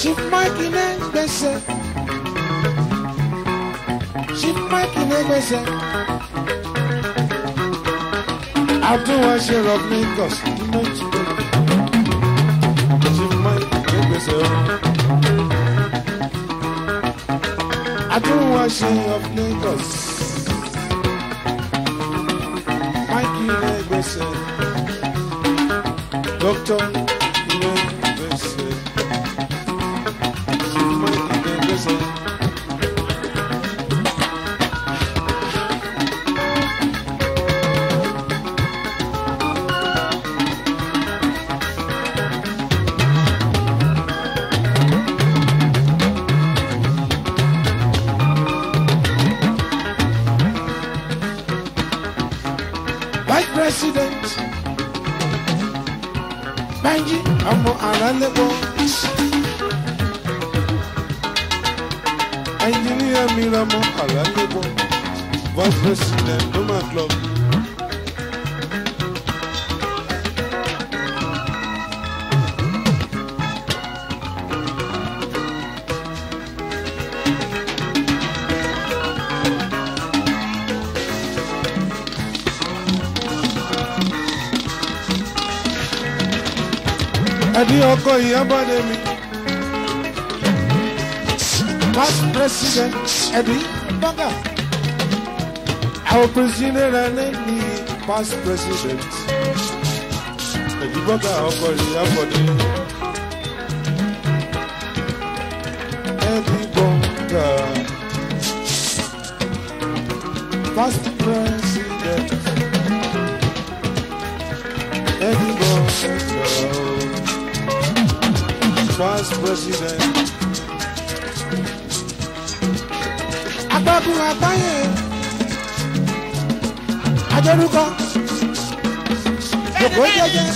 She Chief Mike ní gbèsè. Chief Mike ní gbèsè. Àtúwọ̀ ṣe of She nínú ìtúwọ̀. Chief Mike ní gbèsè o. Àtúwọ̀ ṣe of Lagos. Mike me gbèsè. Doctor. Yabademi, past president Eddie Baga, our president and any past president Eddie Baga of Yabademi, Eddie Baga, past president. vice president. agbábùn àgbáyé adórúkọ jòkó jẹ́jẹ́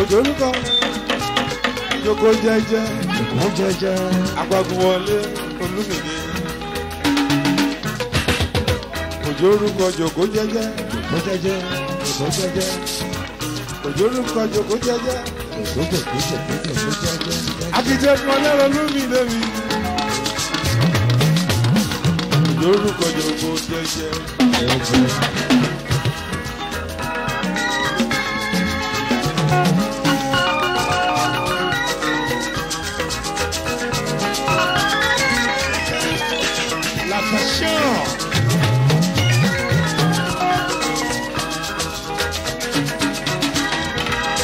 òjòrúkọ jòkó jẹ́jẹ́ mú jẹ́jẹ́ agbábùn wọlé olúmìnir òjòrúkọ jòkó jẹ́jẹ́ jòkó jẹ́jẹ́ jòkó jẹ́jẹ́ òjòrúkọ jòkó jẹ́jẹ́ jòkó jẹ́jẹ́ jòkó jẹ́jẹ́ àkìjẹ kan lẹ́rọ lómi lómi. lórúkọ yòówó jẹjẹ ẹgbẹ́. La passion.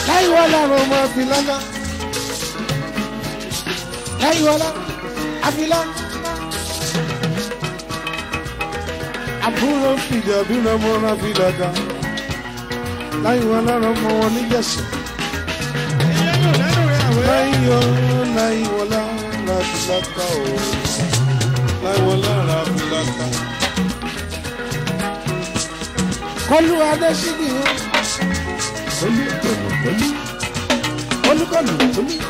Láìwọ́ làwọn ọmọ fi lọ́nà. Láyíwọlá Afilá. Àbúrò fìdí ọ̀bìnrin ọmọ ọ̀rọ̀ fi dàgbà. Láyíwọlá ọmọ wọn níjẹ̀sìn. Láyíwọ Láyíwọlá Rábìlákà o. Láyíwọlá Rábìlákà. Kọ́lú Adéṣíbí o. Olúkọ̀lù kọ́lú. Olúkọ̀lù kọ́lú.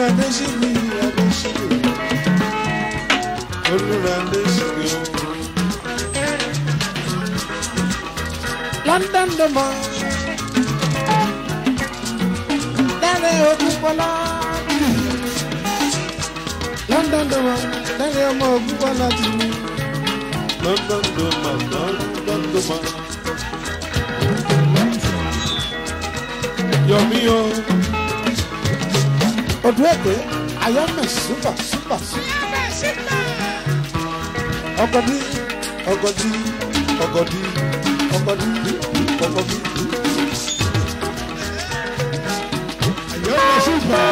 London Adéṣíbí Olúradéṣíbí o. London domo lẹ́rẹ̀ London domo lẹ́rẹ̀ ọmọ ogun bọ́lá ti mú London domo London domo. Yọ̀mí o ọdún èdè ayọ́mẹ̀ súpà súpà súpà. ọgọdí ọgọdí ọgọdí ọgọdí ọgọdí. ayọ́mẹ̀ súpà.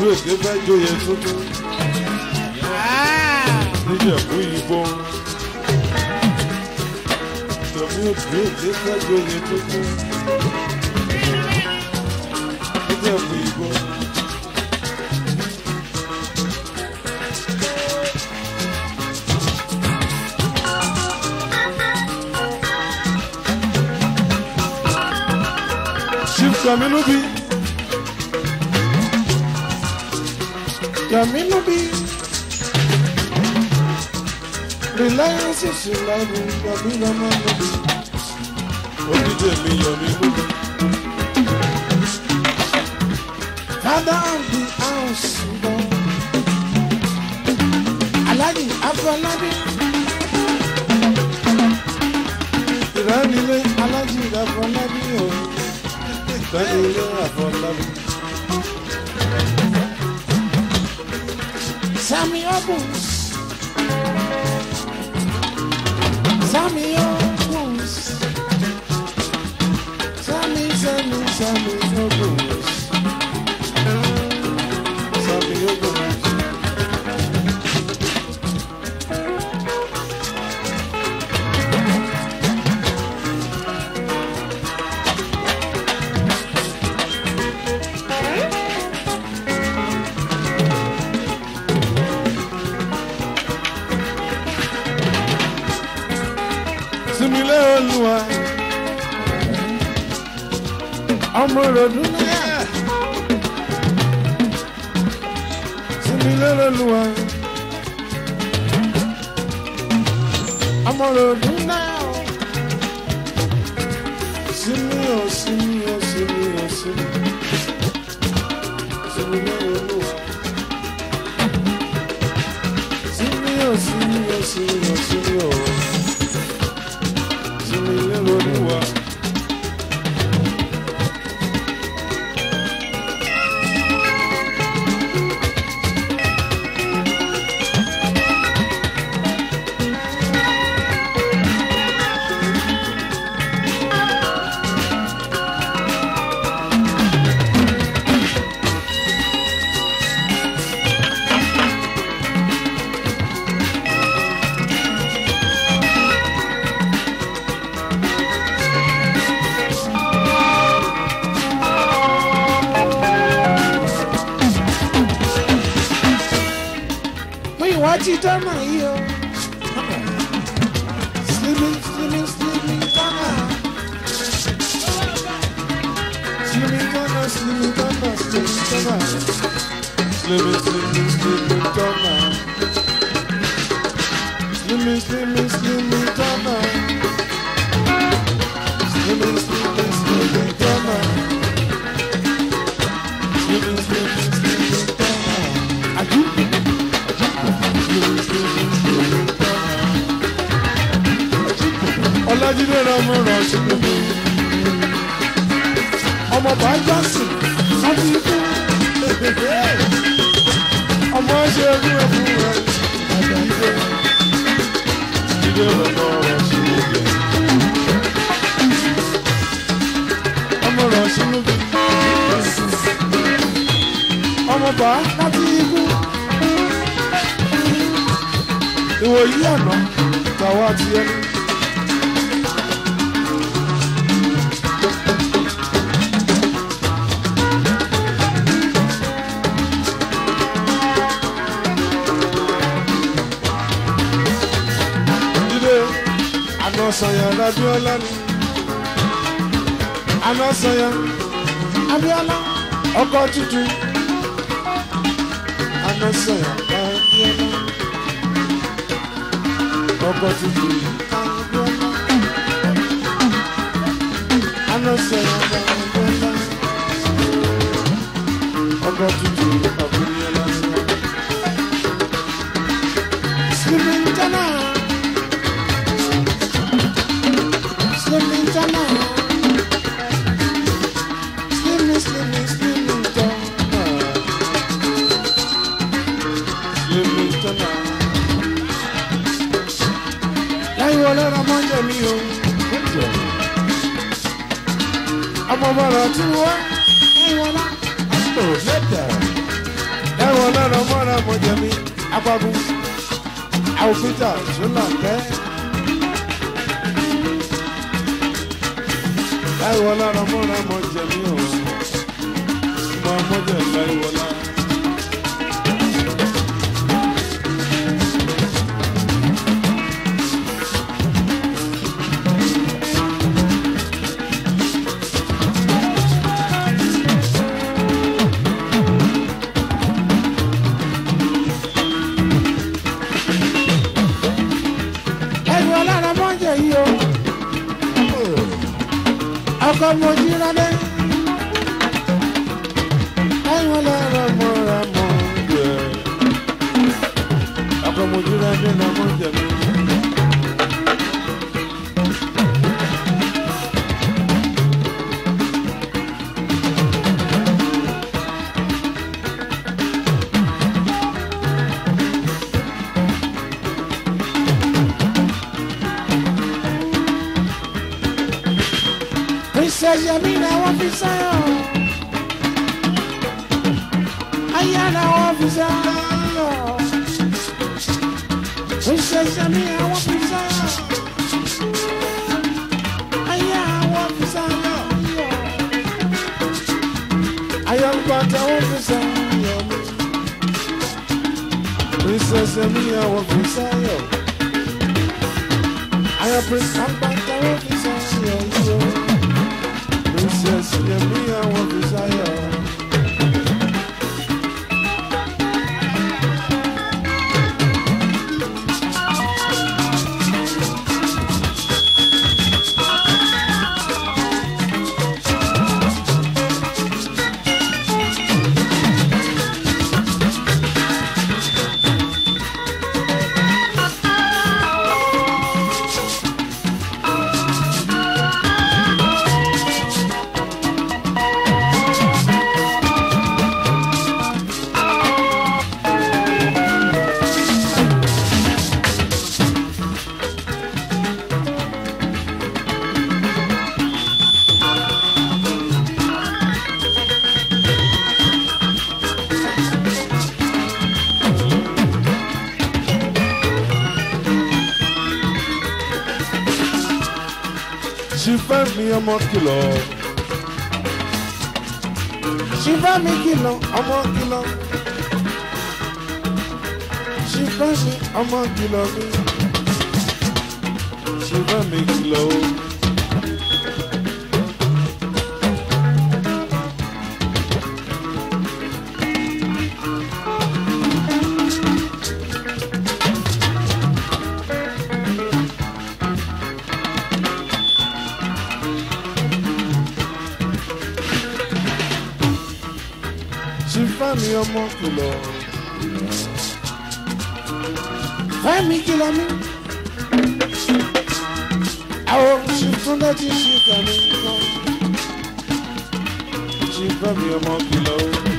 Gbèsè fẹ́ joyè tuntun. Níjẹ̀bú ìbò. Tòmí Gbèsè fẹ́ joyè tuntun. Níjẹ̀bú ìbò. Chief Yaminu bi Reliance is your love, Yaminu mama bi Olùdíje mi Yaminu bi. Father of the house, Lord. Alaji Afọlábí. Ìránilé Alaji Afọlábí o. Ìránilé Afọlábí. troubles. Tell me your wounds. Tell me, tell me, tell me. down my hill. Slimming, slimming, slimming down. Slimming down, slimming down, slimming down. Slimming, slimming, slimming down. Slimming, slimming, slimming down. ṣubú. ọmọ bá jọ́sìn sọ́dún ikú ọmọ ṣe ewu ẹ̀fún rẹ̀ àgbà ìwé ìdílé ọ̀nà rẹ̀ ṣubú. ọmọ rẹ̀ ṣubú ọmọ bá láti ikú ìwòyí àná tàwa ti ẹni. Anasanya Abiola ni. Anasanya Abiola ọkọ tuntun. Anasanya Abiola ọkọ tuntun. Anasanya Abiola ọkọ tuntun. ọgbọ́n jẹ mí o. ọmọ bọ̀rọ̀ tí wọ́n ẹ̀wọ̀n lá. àtò lẹ́tà ẹ̀wọ̀n lọ́nà mọ́ra mọ́ jẹ mí apagun àwòfíjà ṣúná tẹ́. ẹ̀wọ̀n lọ́nà mọ́ra mọ́ jẹ o. mọ́ mọ́jẹ̀ láìwọ́lá. vamos ọmọ kìlọ̀. ṣì bá mi kìlọ̀ ọmọ kìlọ̀. ṣì bá mi ọmọ kìlọ̀ mi. ṣì bá mi kìlọ̀ o. ọmọ kìlọ̀. Fẹ́mi kìlọ̀ mi. Àwọn obìnrin tún lọ́jọ́ ìṣìkà mi kan. Ṣé Fẹ́mi ọmọ kìlọ̀ o?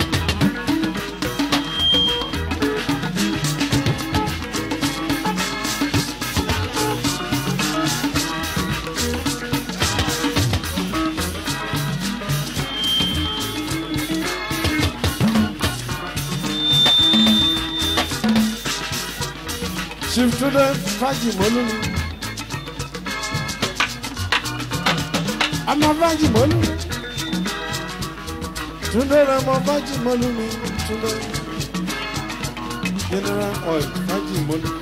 student Frankie Molulu. Ọmọ Frankie Molulu. Túndé ọmọ Frankie Molulu Túndé. General Oil Frankie Molulu.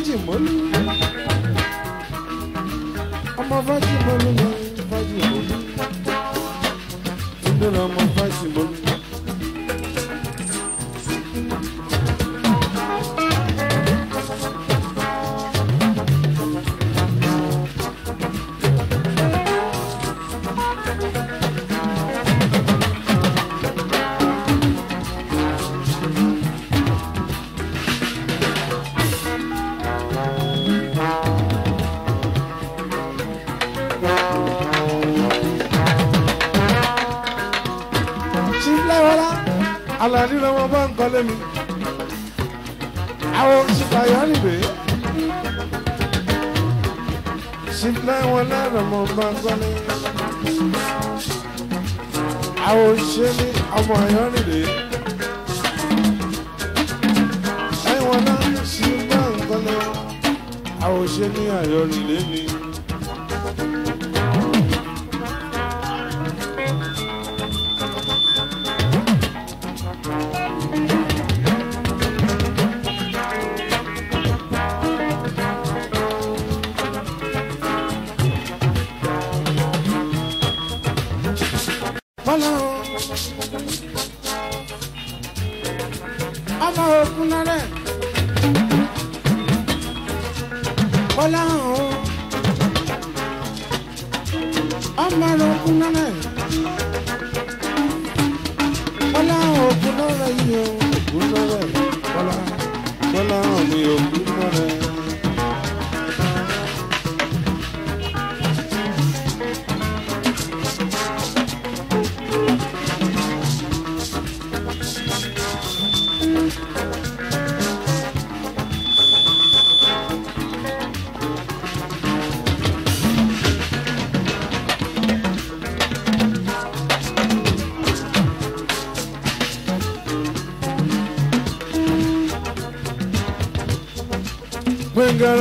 verdade, mano.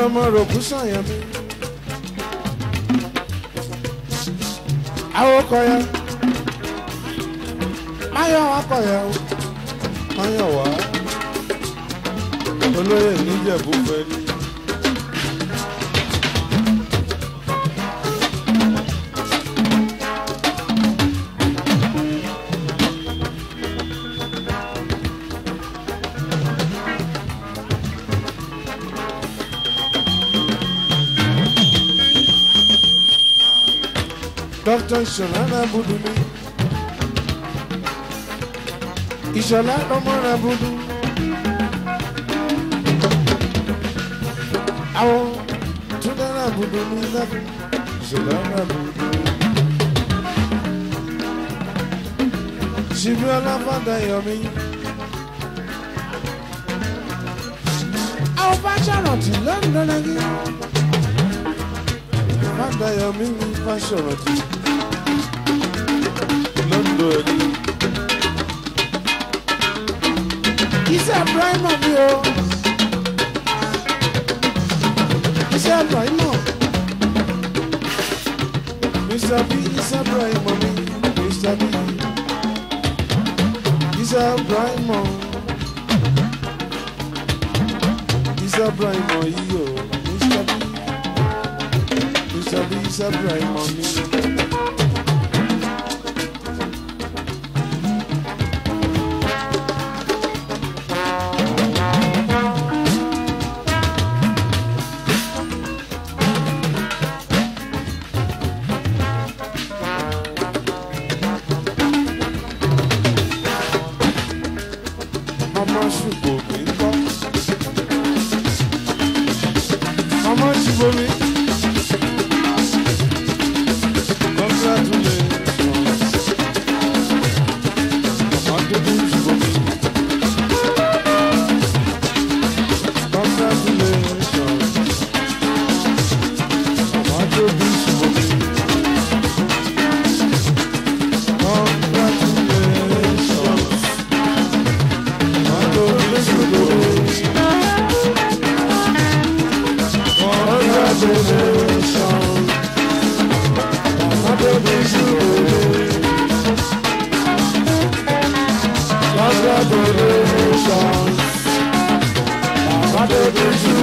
ọmọ rògùn sànyàn mi. awokọ ya mayọ akọ ya o mayọ wa olóyè níjẹ̀bú fẹ́ẹ́ ní. jọ ìṣọ̀lá náà budu ni ìṣọ̀lá lọ́mọ náà budu. àwọn túndé náà budu ni ìṣọ̀lá náà budu. ṣìbí ọlọ́fàdà yọ̀mí. àwọn bá sọ̀rọ̀ tí lọ́ndọ̀nà yìí. Fàdà yọ̀mí ni fà sọ̀rọ̀ tí lórí. iṣẹ́ Ibrahima ni o iṣẹ́ Ibrahima Mr. B iṣẹ́ Ibrahima mi Mr. B iṣẹ́ Ibrahima iṣẹ́ Ibrahima yìí o Mr. B Mr. B iṣẹ́ Ibrahima mi. dojú rere. Lọ́sẹ̀ tó dojú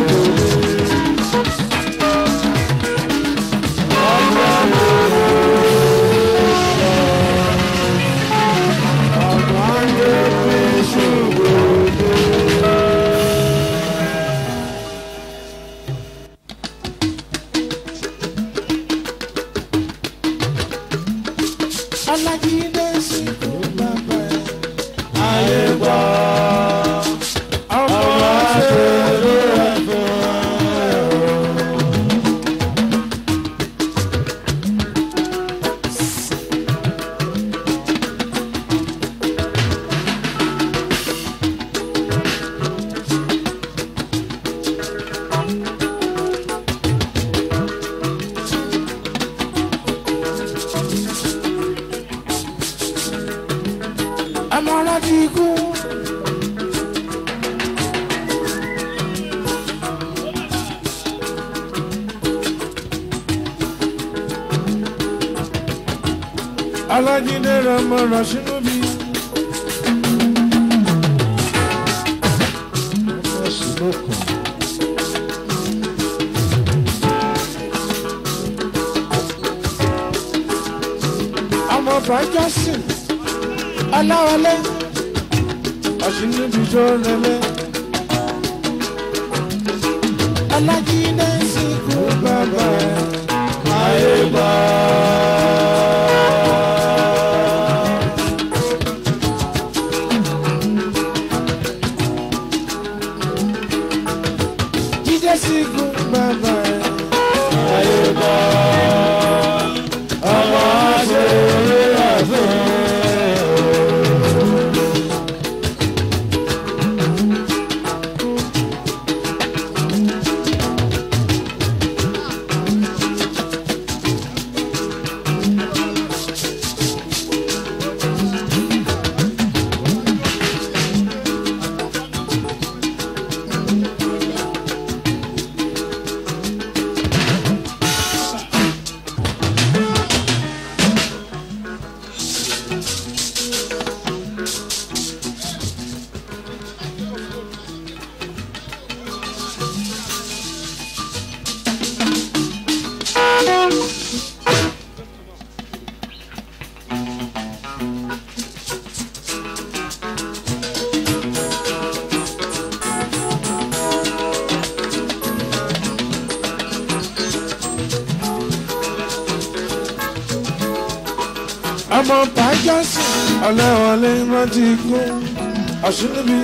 ti kú àṣírí.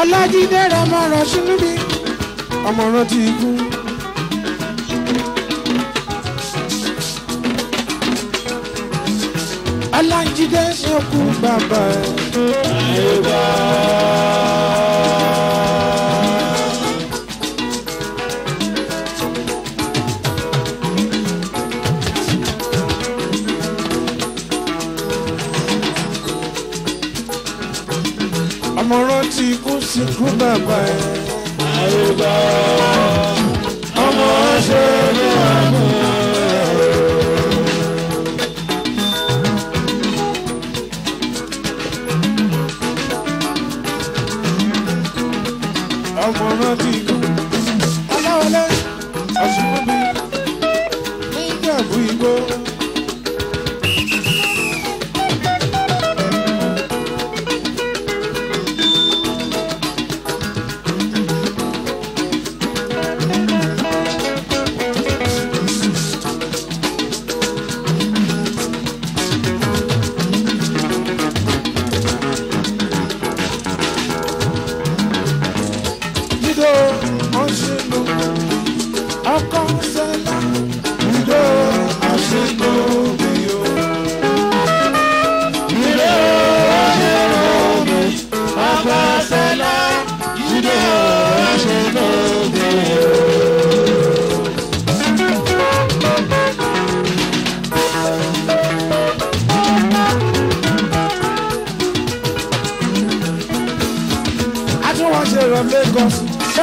Ọlájídé Ramọ́rán Ṣínúbí ọmọ rántí ikú. tó kú bàbá ẹ̀. àyèbá. ọmọ rántí kú sí kú bàbá ẹ̀. àyèbá.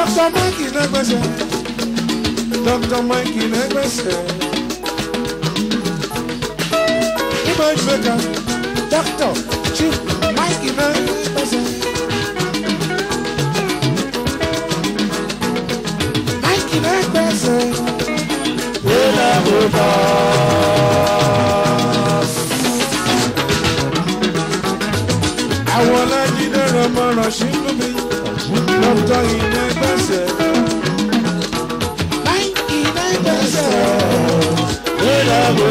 Dr. Mike Negbese. Dr. Mike Negbese. Image maker. Dr. Chief Mike Negbese. Mike Negbese. Wena Botas. Àwọn alájídé rọmọràn ṣì ń lómi lọ́tọ̀ ilé.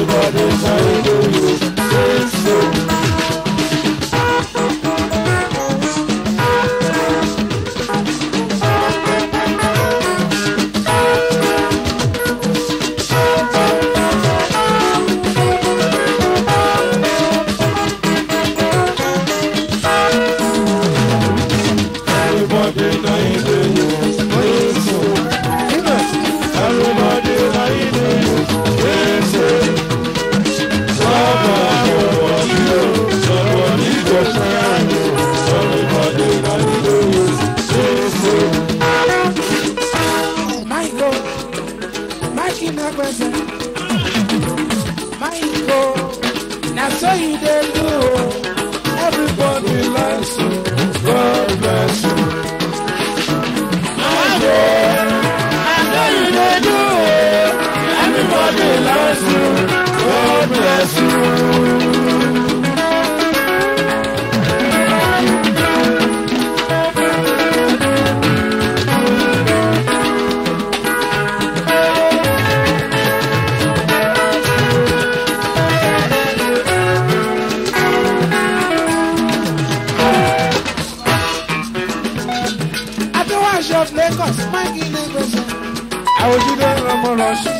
everybody's hallelujah. Praise the Lord. Everybody, Lagos, Maggie Lagos. Àwòjúdé Rọmọrọ̀ṣù.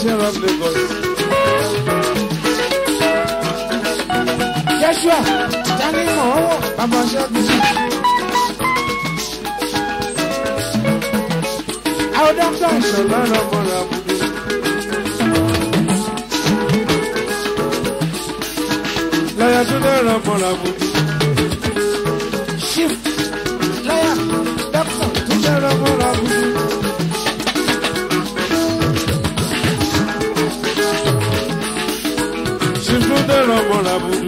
Nation of Lagos. Yeshua, Jani Mohowo, Baba Ṣẹ́gun. Àwọn dọ́kítà ìṣọ̀lá ọmọlá Abudu. Lọ́yà tún I love you.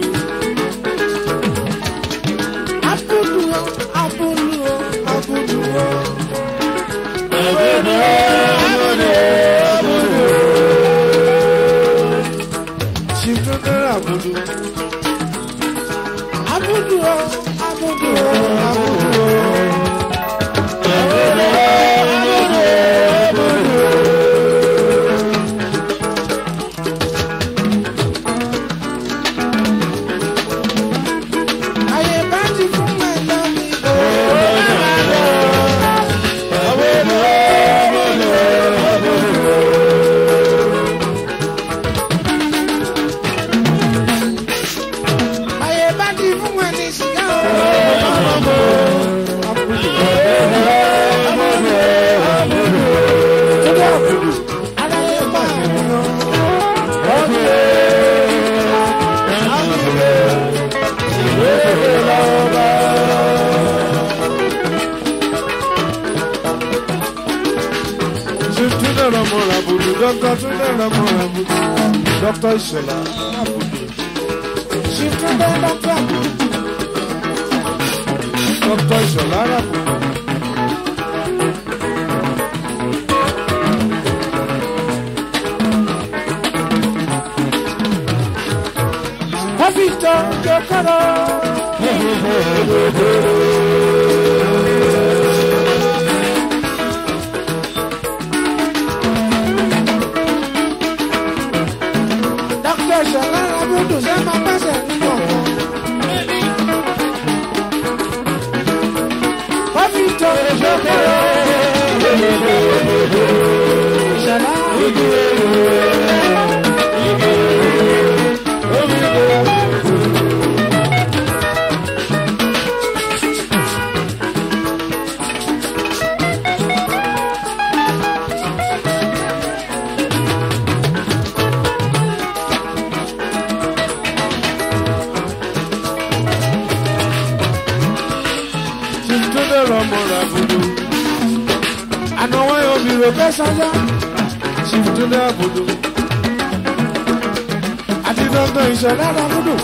dandan ìṣẹ̀lẹ̀ àdàmúdù.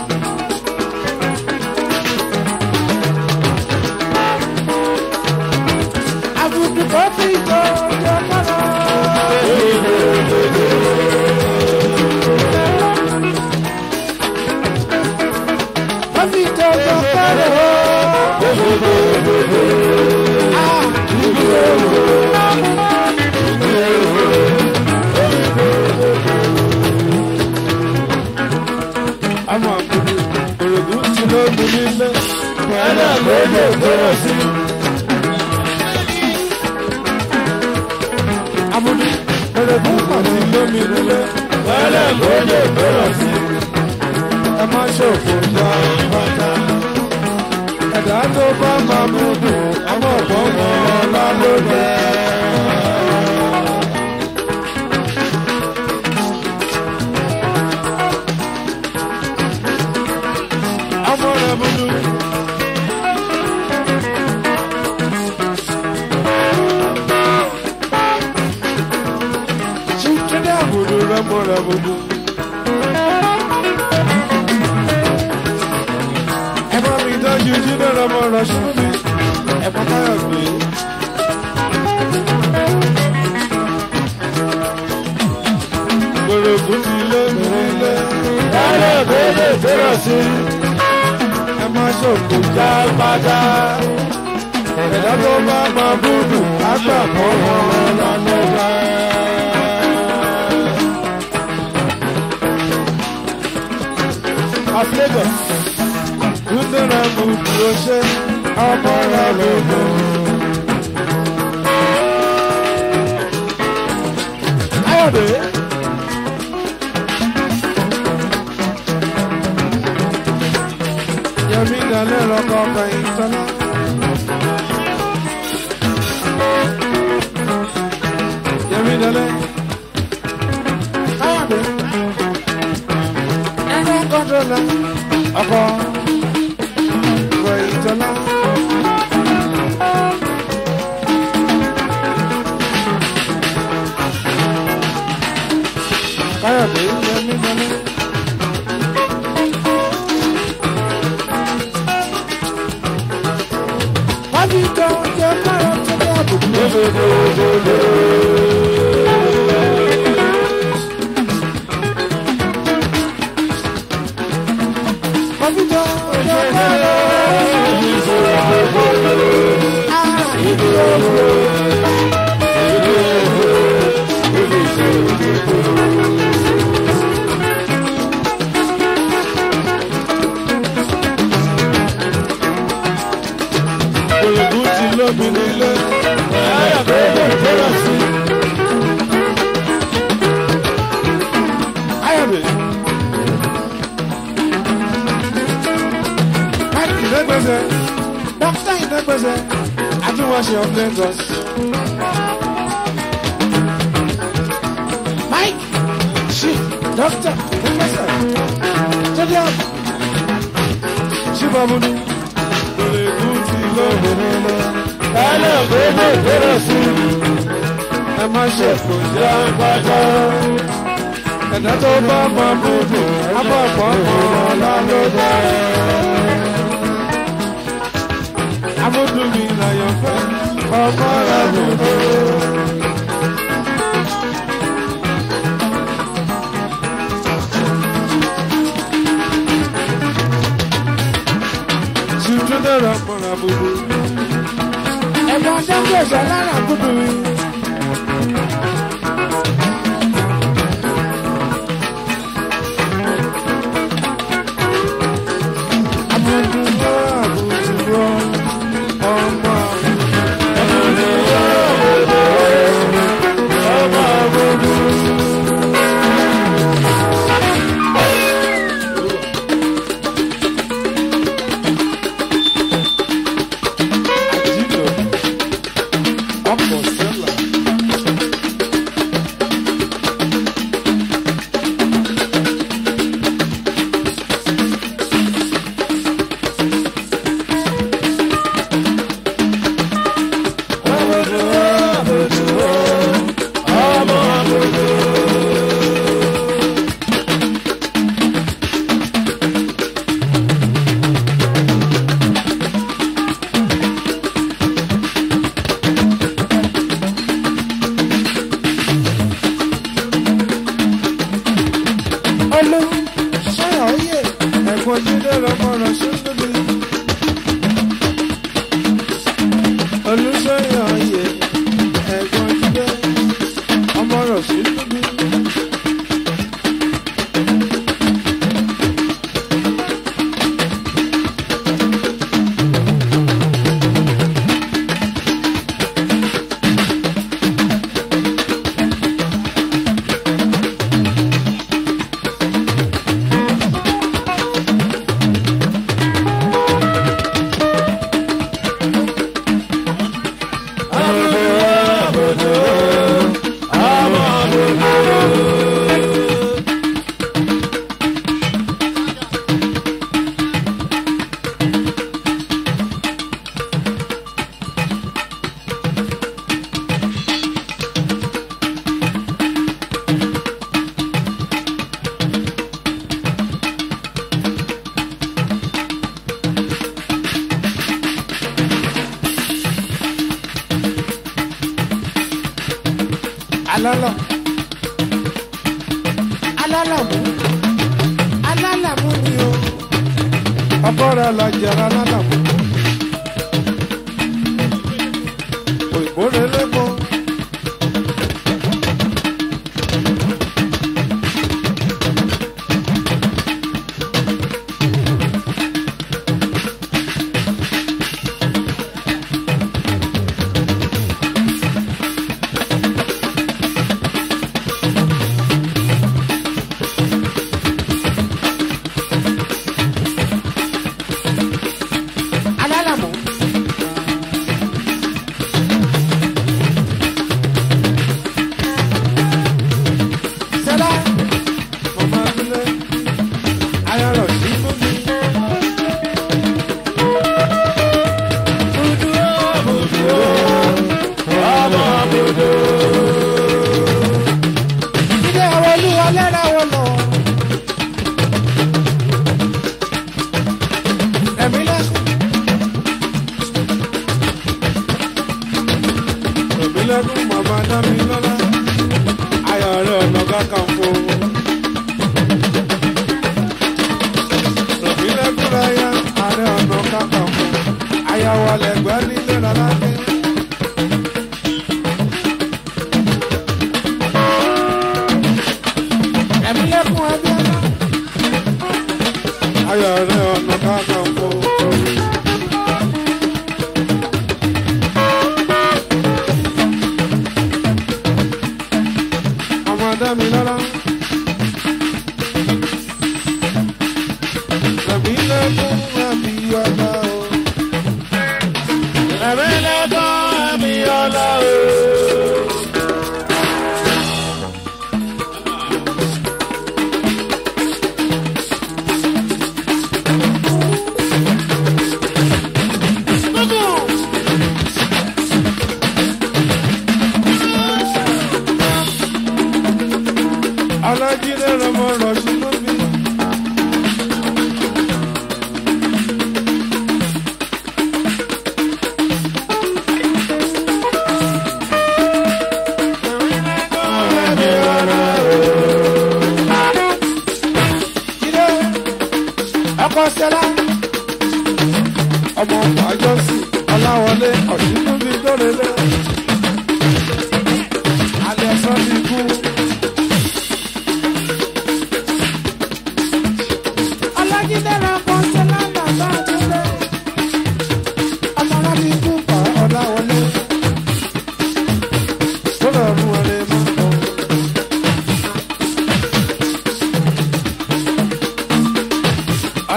lè bẹ̀rẹ̀ sí i. amúdí pẹlẹbù àti lómi nílé pẹlẹ kó lè bẹ̀rẹ̀ sí i. ẹ má ṣòfò ya bàtà. ẹ̀dá tó bá máa mú dùn ọmọ ọ̀pọ̀ wọn lálónìí. Come ọmọ rọṣù mi ẹ̀pọ̀ táyọ̀ gbé. gbòrògbò ti lé nílé táyọ̀ gbélé fẹ́ràn sí ẹ má ṣòkò já pátá ẹ̀dá tó bá máa búdù àgbàpọ̀ wọn lọ́nà bá. Of Lagos rẹ̀ mú dúró ṣe ọmọ rẹ̀ lòdò. Káyọ̀dé. Yẹmí ìdálẹ́ lọ́kọ̀ ọkọ̀ yìí tọ́lá. Yẹmí ìdálẹ́. Káyọ̀dé. Ẹnu kọ́ńtò náà.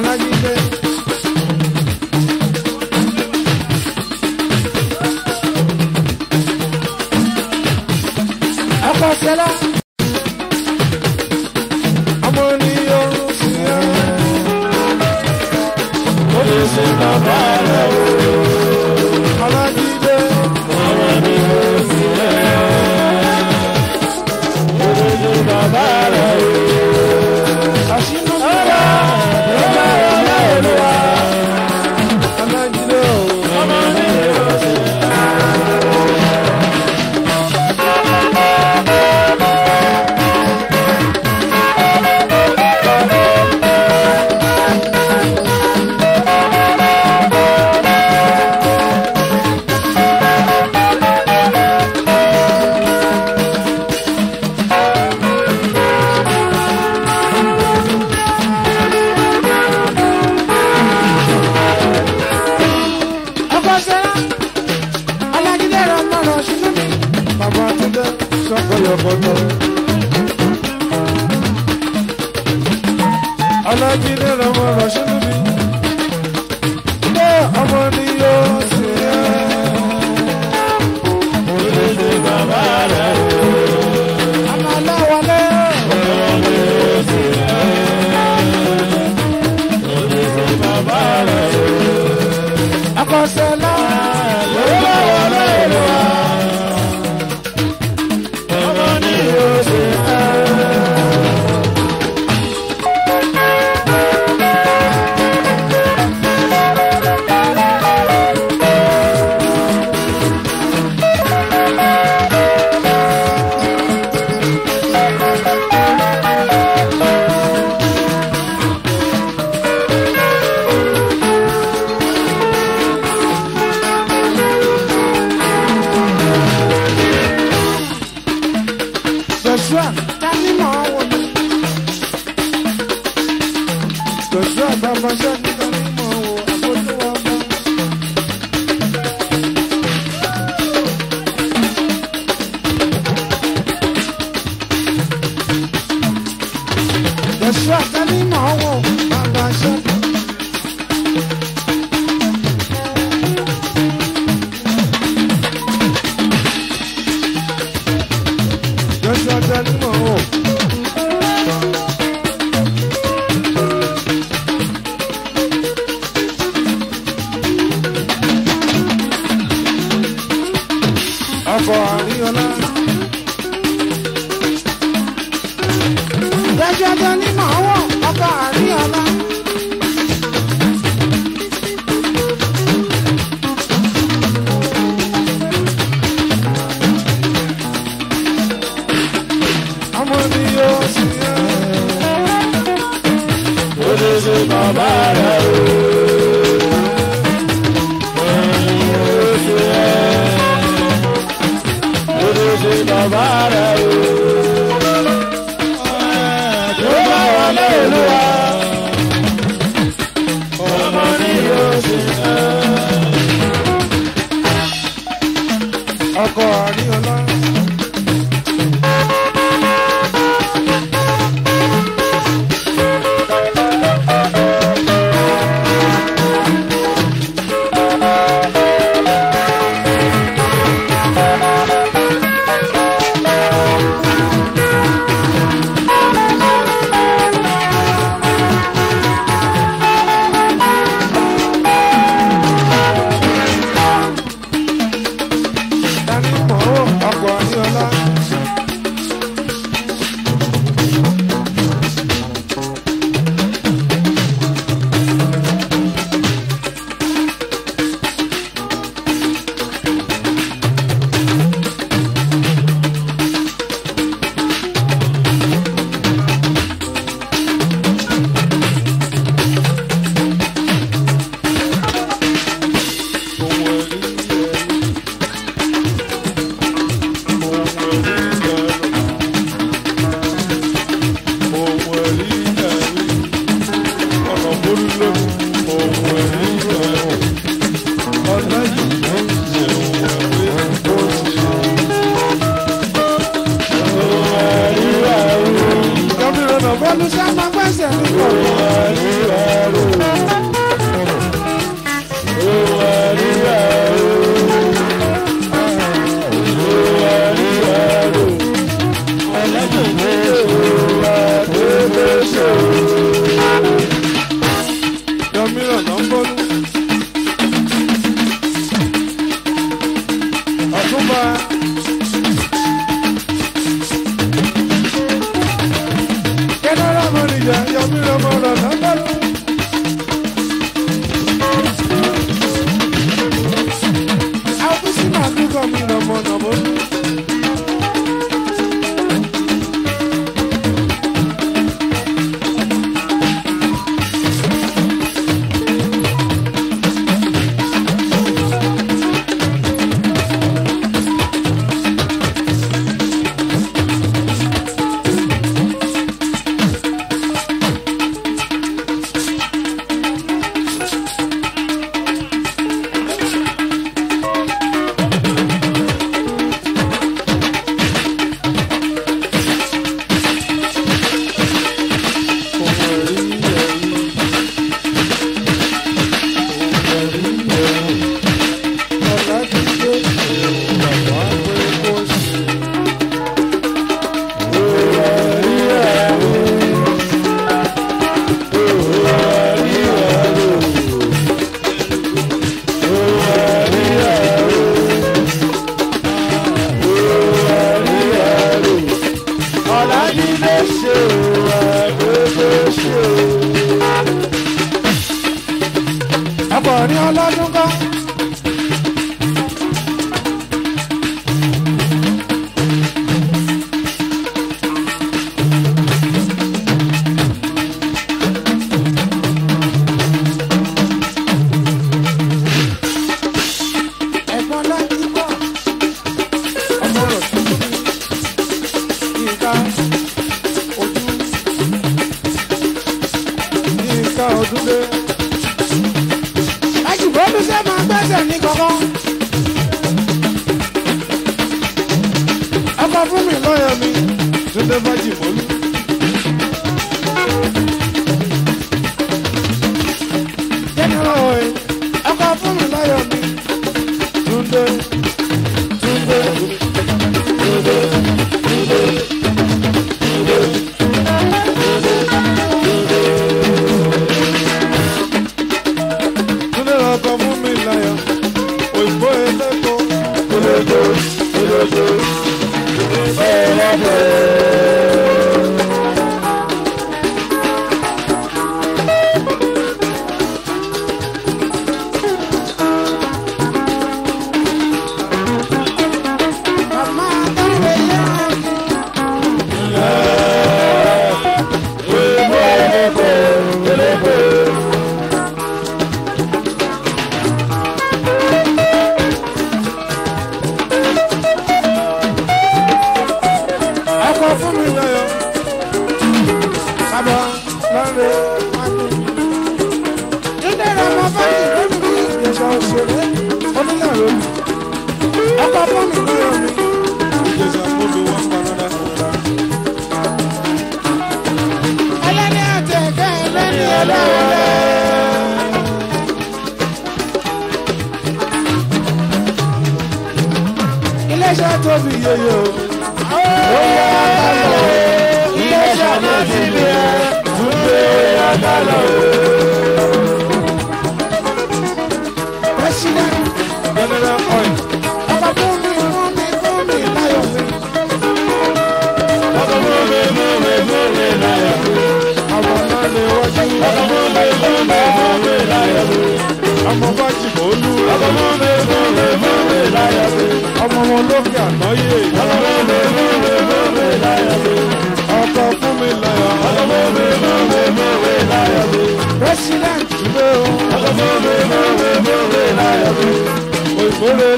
Anagide.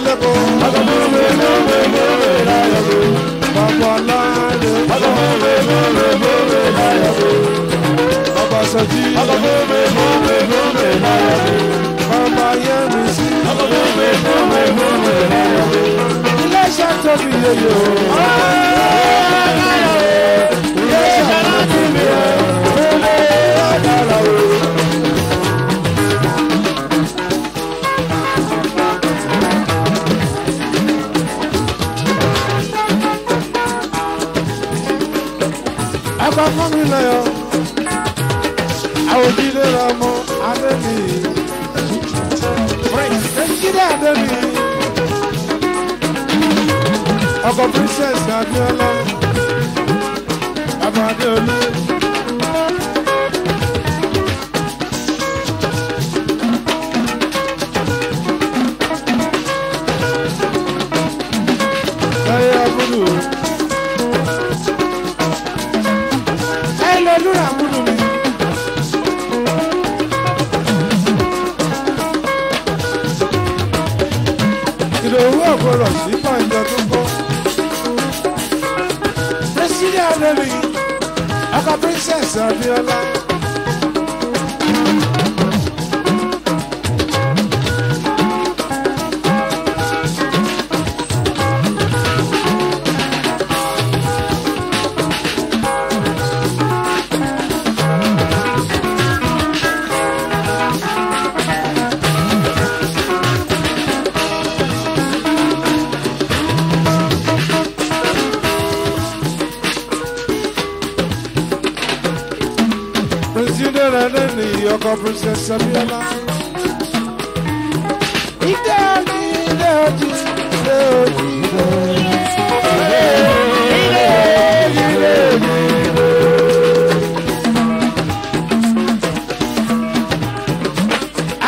lẹ́kọ̀ọ́. Àtọ̀mọ́ mi mú mi mú mi láyọ̀ bò. Bàbá Láńdé. Àtọ̀mọ́ mi mú mi mú mi láyọ̀ bò. Bàbá Sọ̀jí. Àtọ̀mọ́ mi mú mi mú mi láyọ̀ bò. Bàbá Yẹ́misí. Àtọ̀mọ́ mi mú mi mú mi láyọ̀ bò. Iléeṣẹ́ tóbi yeye o. Ọ̀rọ̀ láyọ̀ bò. mọ́ mi lẹ́yọ̀ àwòjídé rẹ̀ mọ́ adémi èjìdé adémi ọkọ̀ princess Abíọ́lá bàbá Adéolú.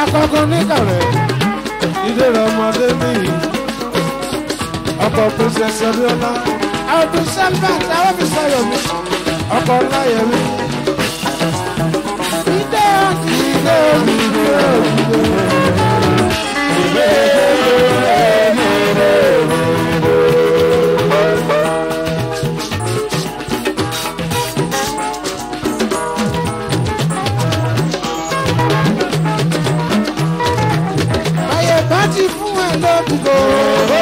akọ́kọ́ níkàlẹ̀ ilé rẹ̀ ọmọdé nìyí ọkọ̀ princess Abíọ́lá ọdún selvat àwọn fi sọ̀rọ̀ mi ọkọ̀ láyẹ̀mí. ìdè ọ̀sìn ìdè òbí ìdè òbí ìdè òbí. oh,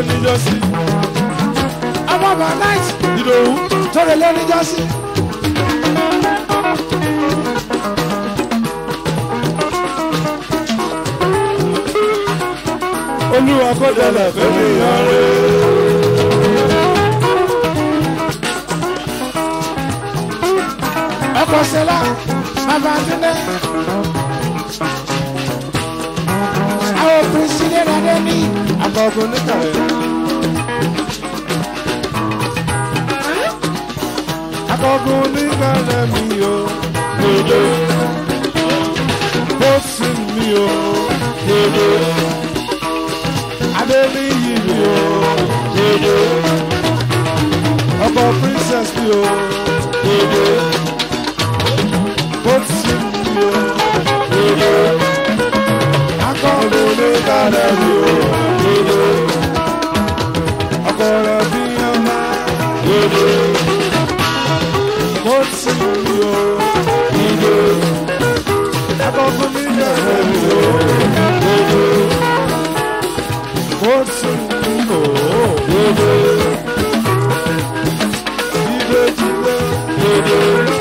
lẹ́ni jọ́sí. ọmọ bàbá náà ìdòwú tọrẹ lẹ́ni jọ́sí. olúwa kó dẹlẹ fẹmi ọrẹ. ọkọ sẹlá bàbá dín náà. Adémi àkọ́kọ́ oníkàwé. Àkọ́kọ́ oníkàwé mi o, dodo. Bóṣù mi o, dodo. Adémi yìí mi o. lẹ́nu òdodo. Ọ̀pọ̀lọ̀ bí ọmọ dodo. Mo ti mú mi o dodo. Akọ́kọ́ mi bẹ̀rẹ̀ mi o dodo. Mo ti mú mi o dodo. Ìbejì lọ dodo.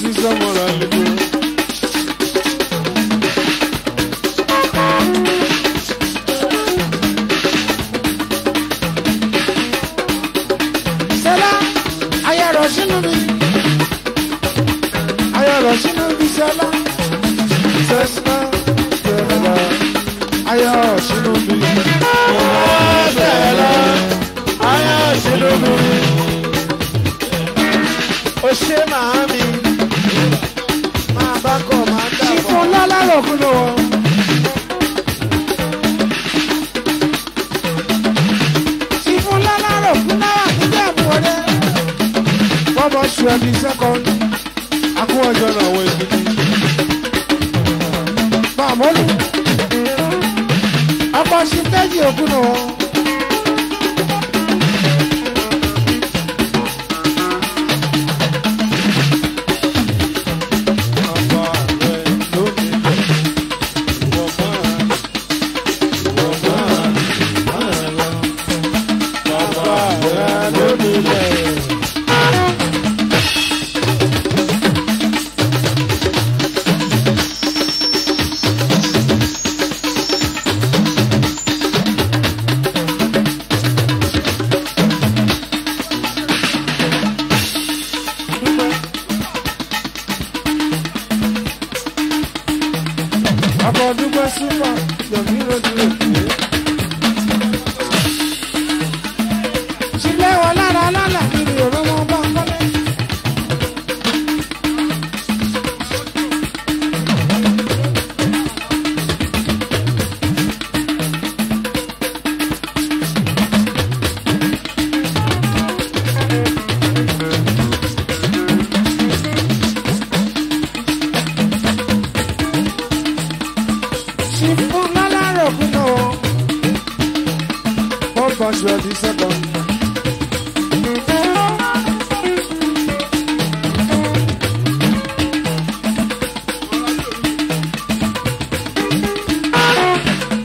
This is a moral